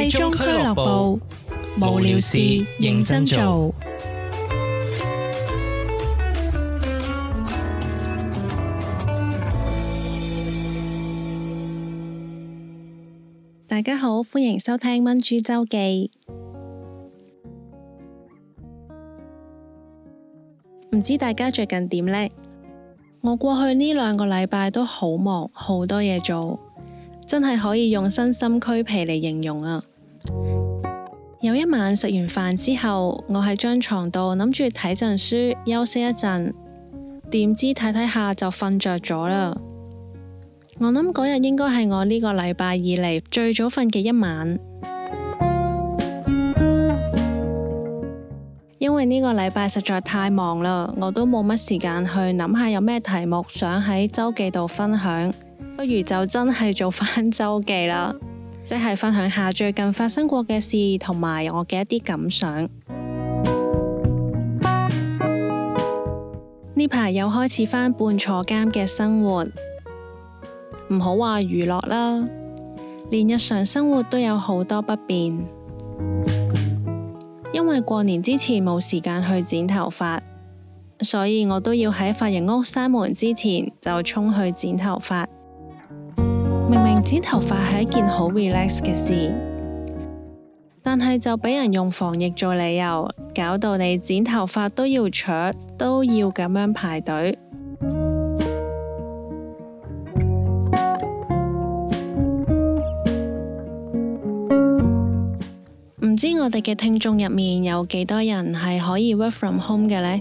細中俱樂部，無聊事認真做。大家好，歡迎收聽《蚊豬週記》。唔知大家最近點呢？我過去呢兩個禮拜都好忙，好多嘢做，真係可以用身心俱疲嚟形容啊！有一晚食完飯之後，我喺張床度諗住睇陣書，休息一陣。點知睇睇下就瞓着咗啦。我諗嗰日應該係我呢個禮拜以嚟最早瞓嘅一晚，因為呢個禮拜實在太忙啦，我都冇乜時間去諗下有咩題目想喺周記度分享，不如就真係做返周記啦。即係分享下最近發生過嘅事，同埋我嘅一啲感想。呢排 又開始返半坐監嘅生活，唔好話娛樂啦，連日常生活都有好多不便。因為過年之前冇時間去剪頭髮，所以我都要喺髮型屋閂門之前就衝去剪頭髮。剪頭髮係一件好 relax 嘅事，但係就俾人用防疫做理由，搞到你剪頭髮都要搶，都要咁樣排隊。唔 知我哋嘅聽眾入面有幾多人係可以 work from home 嘅呢？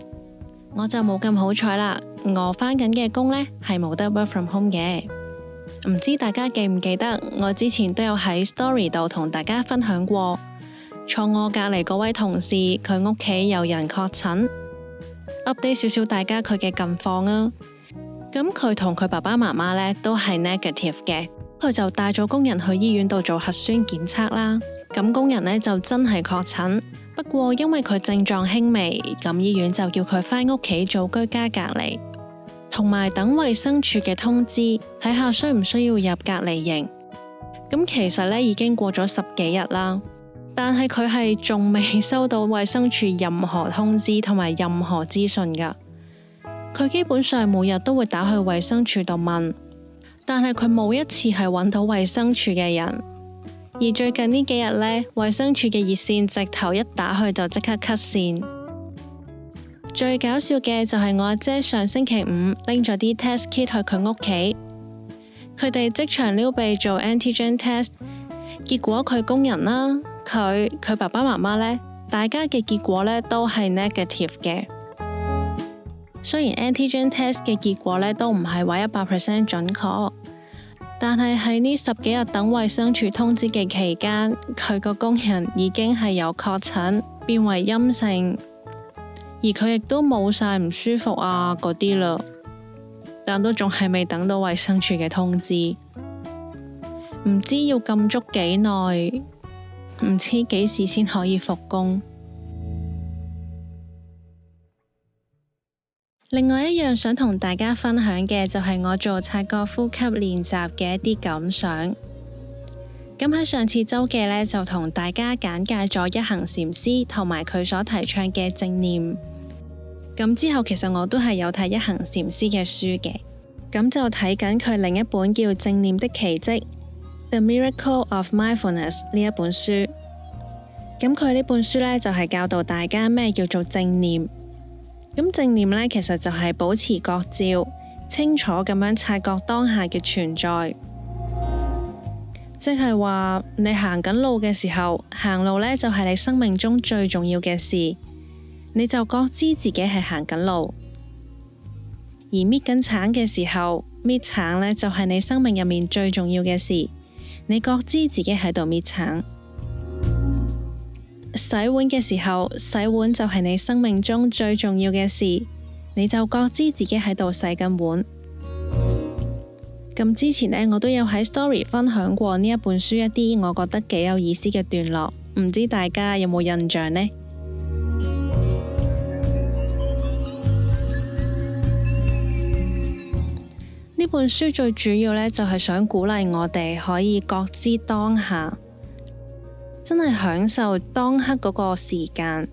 我就冇咁好彩啦，我翻緊嘅工呢，係冇得 work from home 嘅。唔知大家記唔記得，我之前都有喺 story 度同大家分享過，坐我隔籬嗰位同事佢屋企有人確診，update 少少大家佢嘅近況啊。咁佢同佢爸爸媽媽咧，都係 negative 嘅，佢就帶咗工人去醫院度做核酸檢測啦。咁工人呢就真係確診，不過因為佢症狀輕微，咁醫院就叫佢返屋企做居家隔離。同埋等衛生署嘅通知，睇下需唔需要入隔離營。咁其實呢已經過咗十幾日啦，但係佢係仲未收到衛生署任何通知同埋任何資訊噶。佢基本上每日都會打去衛生署度問，但係佢冇一次係揾到衛生署嘅人。而最近呢幾日呢，衛生署嘅熱線直頭一打去就即刻 cut 線。最搞笑嘅就係我阿姐上星期五拎咗啲 test kit 去佢屋企，佢哋即場撩鼻做 antigen test，結果佢工人啦，佢佢爸爸媽媽呢，大家嘅結果呢都係 negative 嘅。雖然 antigen test 嘅結果呢都唔係話一百 percent 準確，但係喺呢十幾日等衛生署通知嘅期間，佢個工人已經係有確診變為陰性。而佢亦都冇晒唔舒服啊嗰啲嘞，但都仲係未等到衛生署嘅通知，唔知要禁足幾耐，唔知幾時先可以復工。另外一樣想同大家分享嘅就係我做察覺呼吸練習嘅一啲感想。咁喺上次週記呢，就同大家簡介咗一行禪師同埋佢所提倡嘅正念。咁之後其實我都係有睇一行禪師嘅書嘅，咁就睇緊佢另一本叫《正念的奇蹟》（The Miracle of Mindfulness） 呢一本書。咁佢呢本書呢，就係教導大家咩叫做正念。咁正念呢，其實就係保持覺照，清楚咁樣察覺當下嘅存在。即係話，你行緊路嘅時候，行路呢就係你生命中最重要嘅事，你就覺知自己係行緊路；而搣緊橙嘅時候，搣橙呢就係你生命入面最重要嘅事，你覺知自己喺度搣橙。洗碗嘅時候，洗碗就係你生命中最重要嘅事，你就覺知自己喺度洗緊碗。咁之前呢，我都有喺 Story 分享過呢一本書一啲我覺得幾有意思嘅段落，唔知大家有冇印象呢？呢 本書最主要呢，就係想鼓勵我哋可以覺知當下，真係享受當刻嗰個時間。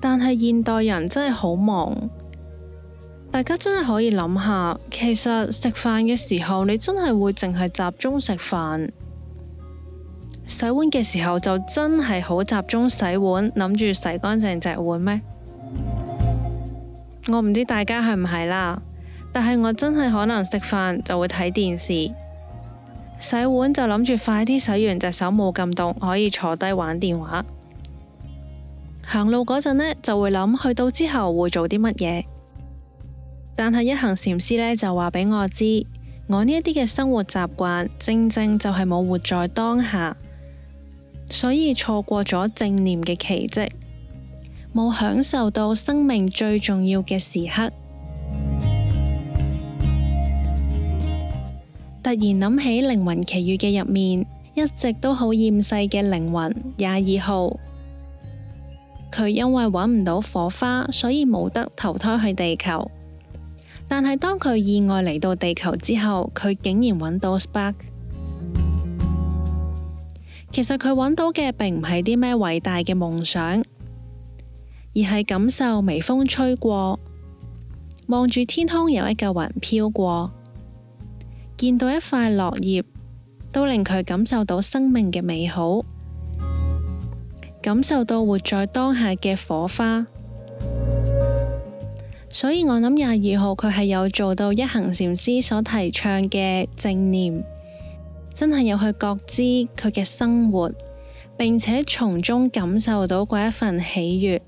但係現代人真係好忙。大家真係可以諗下，其實食飯嘅時候你真係會淨係集中食飯，洗碗嘅時候就真係好集中洗碗，諗住洗乾淨隻碗咩？我唔知大家係唔係啦，但係我真係可能食飯就會睇電視，洗碗就諗住快啲洗完隻手冇咁凍，可以坐低玩電話。行路嗰陣呢，就會諗去到之後會做啲乜嘢。但係一行禪師呢就話俾我知，我呢一啲嘅生活習慣，正正就係冇活在當下，所以錯過咗正念嘅奇迹，冇享受到生命最重要嘅時刻。 突然諗起靈魂奇遇嘅入面，一直都好厭世嘅靈魂廿二號，佢因為搵唔到火花，所以冇得投胎去地球。但係當佢意外嚟到地球之後，佢竟然揾到 spark。其實佢揾到嘅並唔係啲咩偉大嘅夢想，而係感受微風吹過，望住天空有一嚿雲飄過，見到一塊落葉，都令佢感受到生命嘅美好，感受到活在當下嘅火花。所以我諗廿二號佢係有做到一行禪師所提倡嘅正念，真係有去覺知佢嘅生活，並且從中感受到嗰一份喜悅。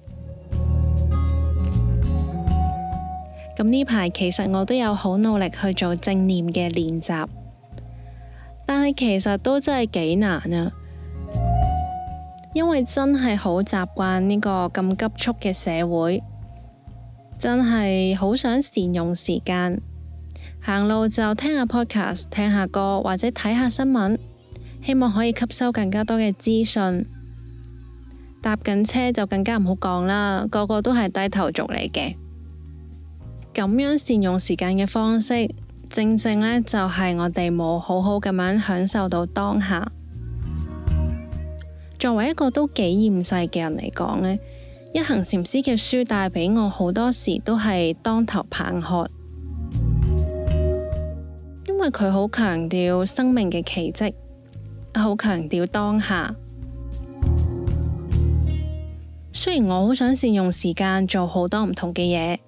咁呢排其實我都有好努力去做正念嘅練習，但係其實都真係幾難啊，因為真係好習慣呢個咁急促嘅社會。真係好想善用時間，行路就聽下 podcast，聽下歌或者睇下新聞，希望可以吸收更加多嘅資訊。搭緊車就更加唔好講啦，個個都係低頭族嚟嘅。咁樣善用時間嘅方式，正正呢就係我哋冇好好咁樣享受到當下。作為一個都幾厭世嘅人嚟講呢。一行禪師嘅書帶俾我好多時都係當頭棒喝，因為佢好強調生命嘅奇蹟，好強調當下。雖然我好想善用時間做好多唔同嘅嘢，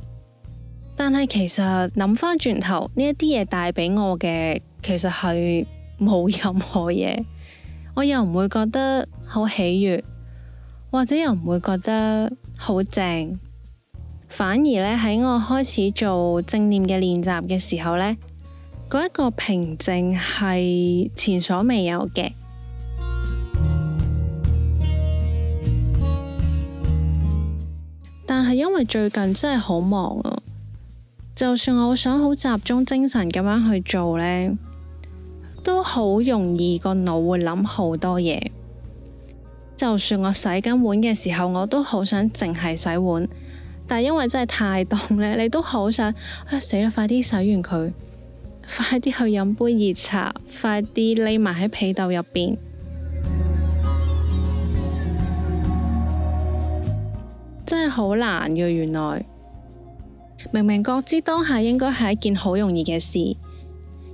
但係其實諗翻轉頭呢一啲嘢帶俾我嘅，其實係冇任何嘢，我又唔會覺得好喜悦。或者又唔會覺得好正，反而呢，喺我開始做正念嘅練習嘅時候，呢嗰一個平靜係前所未有嘅。但係因為最近真係好忙啊，就算我想好集中精神咁樣去做呢，都好容易個腦會諗好多嘢。就算我洗緊碗嘅時候，我都好想淨係洗碗，但係因為真係太凍咧，你都好想死啦，啊！快啲洗完佢，快啲去飲杯熱茶，快啲匿埋喺被竇入邊，真係好難嘅。原來明明覺知當下應該係一件好容易嘅事，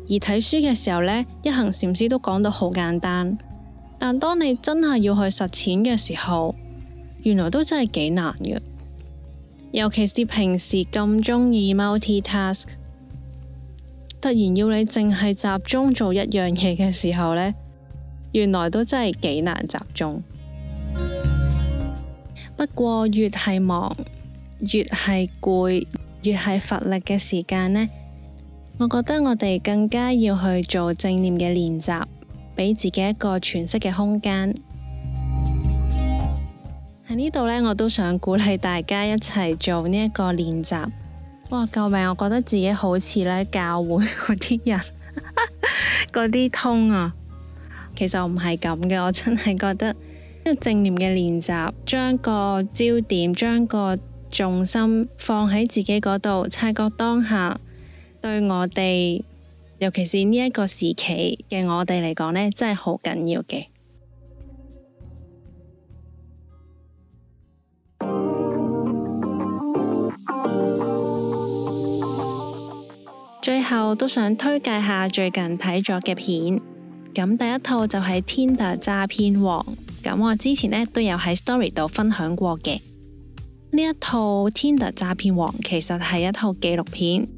而睇書嘅時候呢，一行禪師都講到好簡單。但當你真係要去實踐嘅時候，原來都真係幾難嘅。尤其是平時咁中意 multi task，突然要你淨係集中做一樣嘢嘅時候呢，原來都真係幾難集中。 不過越係忙，越係攰，越係乏力嘅時間呢，我覺得我哋更加要去做正念嘅練習。俾自己一個詮釋嘅空間。喺呢度呢，我都想鼓勵大家一齊做呢一個練習。哇，救命！我覺得自己好似呢教會嗰啲人，嗰 啲通啊，其實我唔係咁嘅。我真係覺得正，正念嘅練習，將個焦點、將個重心放喺自己嗰度，察覺當下，對我哋。尤其是呢一個時期嘅我哋嚟講呢，真係好緊要嘅。最後都想推介下最近睇咗嘅片，咁第一套就係《Tinder 詐騙王》，咁我之前呢都有喺 story 度分享過嘅。呢一套《Tinder 詐騙王》其實係一套紀錄片。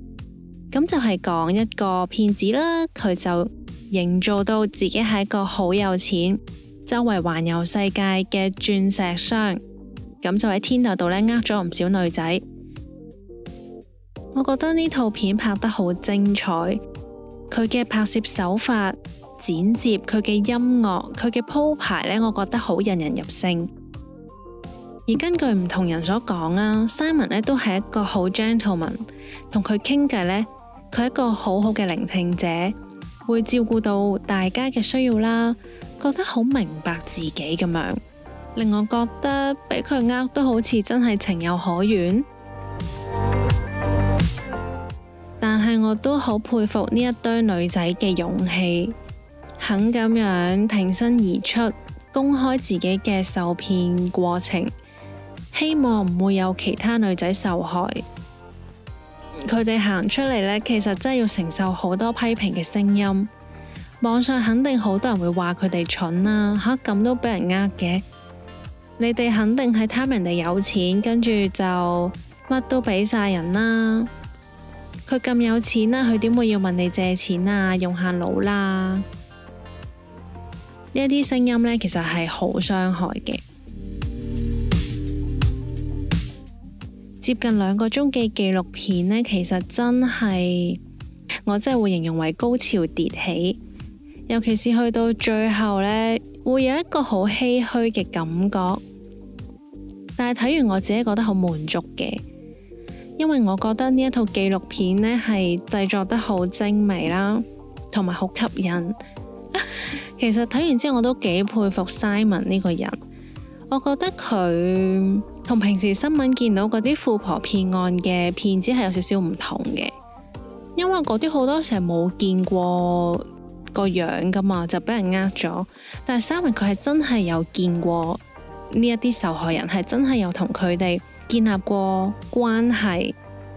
咁就係講一個騙子啦，佢就營造到自己係一個好有錢，周圍環遊世界嘅鑽石商，咁就喺 Tinder 度呢呃咗唔少女仔。我覺得呢套片拍得好精彩，佢嘅拍攝手法、剪接、佢嘅音樂、佢嘅鋪排呢，我覺得好引人入勝。而根據唔同人所講啦，Simon 咧都係一個好 gentleman，同佢傾偈咧，佢係一個好好嘅聆聽者，會照顧到大家嘅需要啦，覺得好明白自己咁樣，令我覺得俾佢呃都好似真係情有可原。但係我都好佩服呢一堆女仔嘅勇氣，肯咁樣挺身而出，公開自己嘅受騙過程。希望唔會有其他女仔受害。佢哋行出嚟呢，其實真係要承受好多批評嘅聲音。網上肯定好多人會話佢哋蠢啦、啊、吓、啊、咁都俾人呃嘅。你哋肯定係貪人哋有錢，跟住就乜都俾晒人啦。佢咁有錢啦，佢點會要問你借錢啊？用下腦啦、啊！呢一啲聲音呢，其實係好傷害嘅。接近兩個鐘嘅紀錄片呢，其實真係我真係會形容為高潮迭起，尤其是去到最後呢，會有一個好唏噓嘅感覺。但係睇完我自己覺得好滿足嘅，因為我覺得呢一套紀錄片呢係製作得好精美啦，同埋好吸引。 其實睇完之後我都幾佩服 Simon 呢個人，我覺得佢。同平時新聞見到嗰啲富婆騙案嘅騙子係有少少唔同嘅，因為嗰啲好多時候冇見過個樣噶嘛，就俾人呃咗。但係三明佢係真係有見過呢一啲受害人，係真係有同佢哋建立過關係，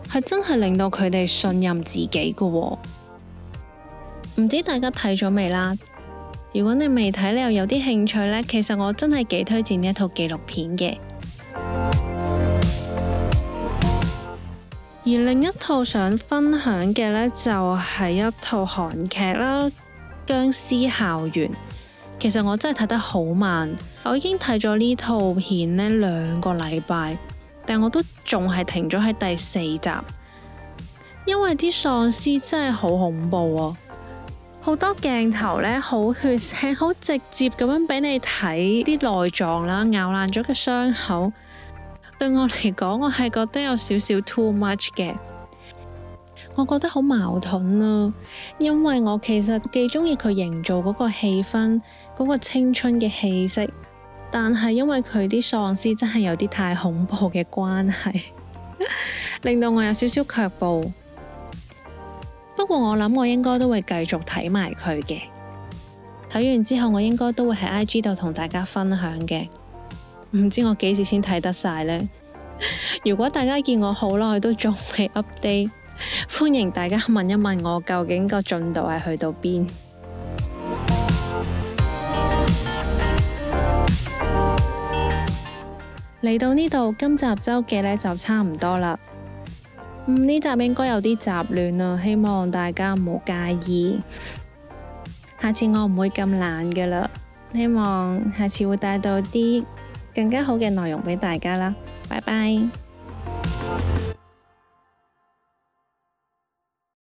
係真係令到佢哋信任自己噶，哦。唔知大家睇咗未啦？如果你未睇，你又有啲興趣呢？其實我真係幾推薦呢一套紀錄片嘅。而另一套想分享嘅呢，就係一套韓劇啦，《殭屍校園》。其實我真係睇得好慢，我已經睇咗呢套片呢兩個禮拜，但我都仲係停咗喺第四集，因為啲喪屍真係好恐怖啊！好多鏡頭呢，好血腥，好直接咁樣俾你睇啲內臟啦，咬爛咗個傷口。對我嚟講，我係覺得有少少 too much 嘅，我覺得好矛盾啊，因為我其實幾中意佢營造嗰個氣氛，嗰個青春嘅氣息，但係因為佢啲喪屍真係有啲太恐怖嘅關係， 令到我有少少卻步。不過我諗我應該都會繼續睇埋佢嘅，睇完之後我應該都會喺 IG 度同大家分享嘅。唔知我幾時先睇得晒呢？ 如果大家見我好耐都仲未 update，歡迎大家問一問我究竟個進度係去到邊。嚟 到呢度，今集周記呢就差唔多啦。嗯，呢集應該有啲雜亂啊，希望大家唔好介意。 下次我唔會咁懶㗎啦，希望下次會帶到啲更加好嘅內容畀大家啦，拜拜！